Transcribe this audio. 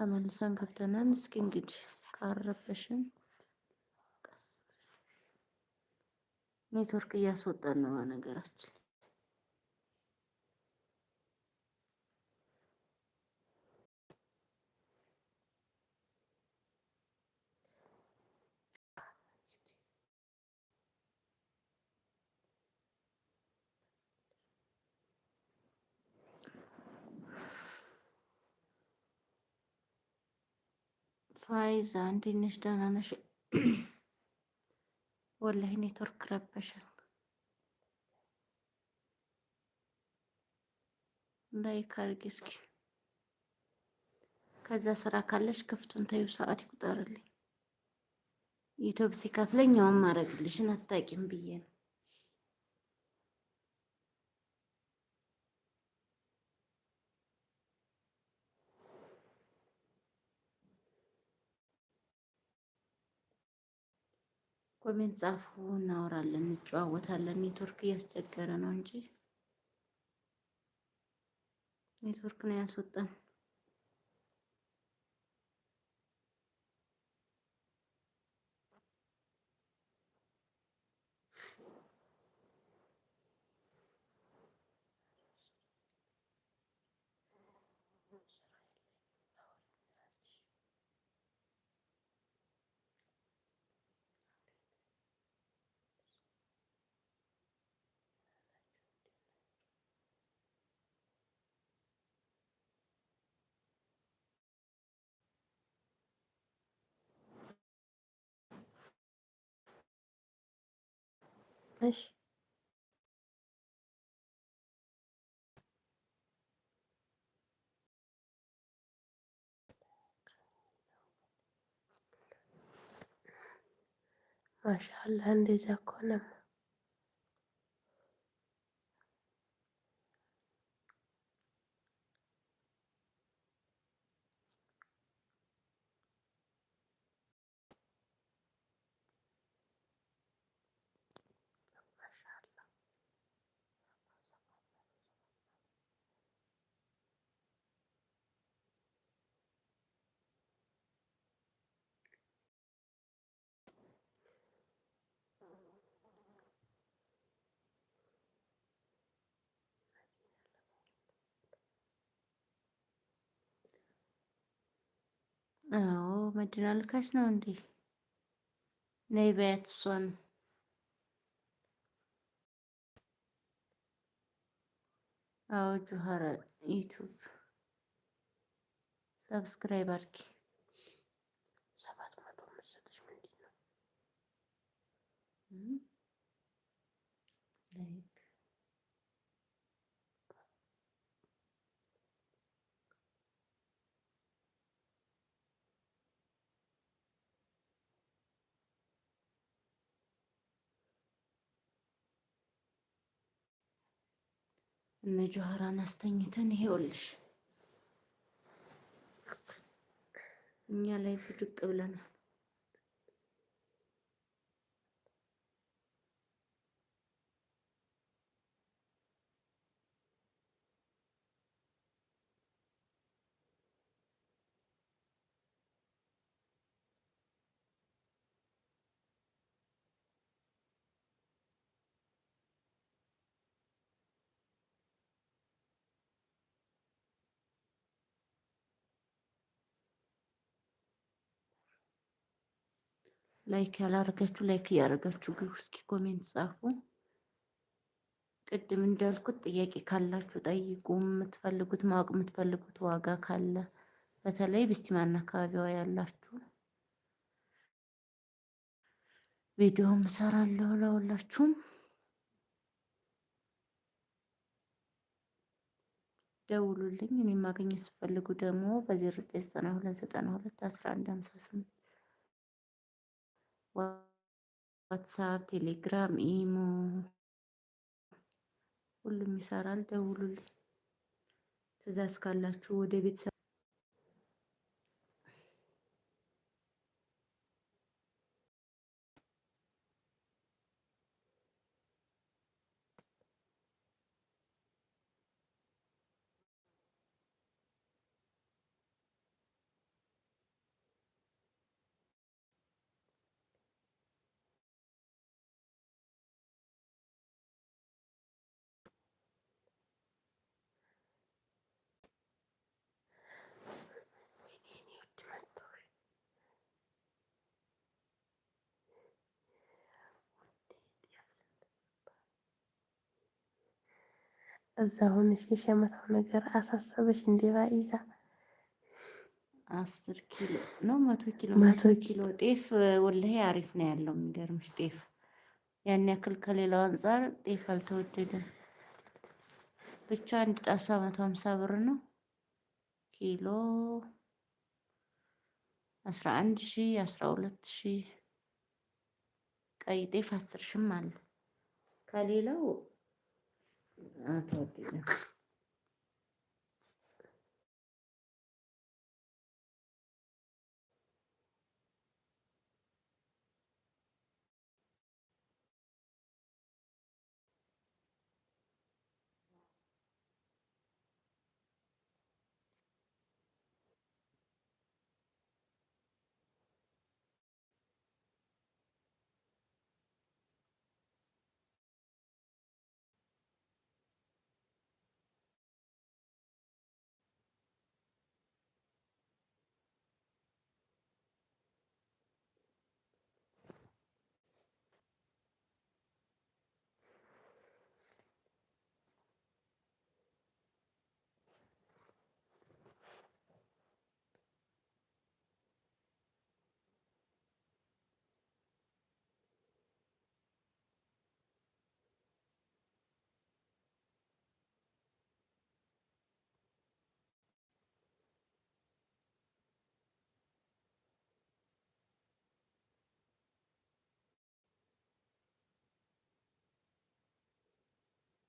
ተመልሰን ከፍተናል። እስኪ እንግዲህ ካረበሽን ኔትወርክ እያስወጣን ነው ነገራችን ፋይዛ እንዴት ነሽ? ደህና ነሽ? ወላሂ ኔትወርክ ረበሸን። ላይክ አድርጊ እስኪ። ከዛ ስራ ካለሽ ክፍቱን ታዩ ሰዓት ይቁጠርልኝ። ዩቲዩብ ሲከፍለኝ አሁን ማድረግልሽን አታውቂም ብዬ ነው ኮሜንት ጻፉ፣ እናወራለን፣ እንጨዋወታለን። ኔትወርክ እያስቸገረ ነው እንጂ ኔትወርክ ነው ያስወጣን። ماشي ما شاء الله عندي كونم አዎ መዲና ልካሽ ነው እንዴ? ነይ በያት እሷን አዎ ጆሀር ዩቱብ ሰብስክራይብ አድርጊ። ሰባት መቶ መሰለሽ ምንድን ነው? እነ ጆሀራን አስተኝተን ይሄውልሽ እኛ ላይ ብድቅ ብለናል። ላይክ ያላረጋችሁ ላይክ እያረጋችሁ ግቡ። እስኪ ኮሜንት ጻፉ። ቅድም እንዳልኩት ጥያቄ ካላችሁ ጠይቁ። የምትፈልጉት ማወቅ የምትፈልጉት ዋጋ ካለ በተለይ ብስቲማና አካባቢዋ ያላችሁ ቪዲዮም እሰራለሁ ለሁላችሁም። ደውሉልኝ። እኔ ማገኘት ስፈልጉ ደግሞ በ0992921158 ዋትሳፕ፣ ቴሌግራም፣ ኢሞ ሁሉም ይሰራል። ደውሉልኝ። ትዕዛዝ ካላችሁ ወደ ቤተሰብ እዛ ሆነሽ የሸመታው ነገር አሳሰበሽ እንዴ? ባይዛ አስር ኪሎ ነው መቶ ኪሎ መቶ ኪሎ ጤፍ ወላሂ አሪፍ ነው ያለው። የሚገርምሽ ጤፍ ያን ያክል ከሌላው አንጻር ጤፍ አልተወደደም። ብቻ አንድ ጣሳ መቶ ሀምሳ ብር ነው ኪሎ አስራ አንድ ሺ አስራ ሁለት ሺ ቀይ ጤፍ አስር ሽም አለ ከሌላው Artı 31.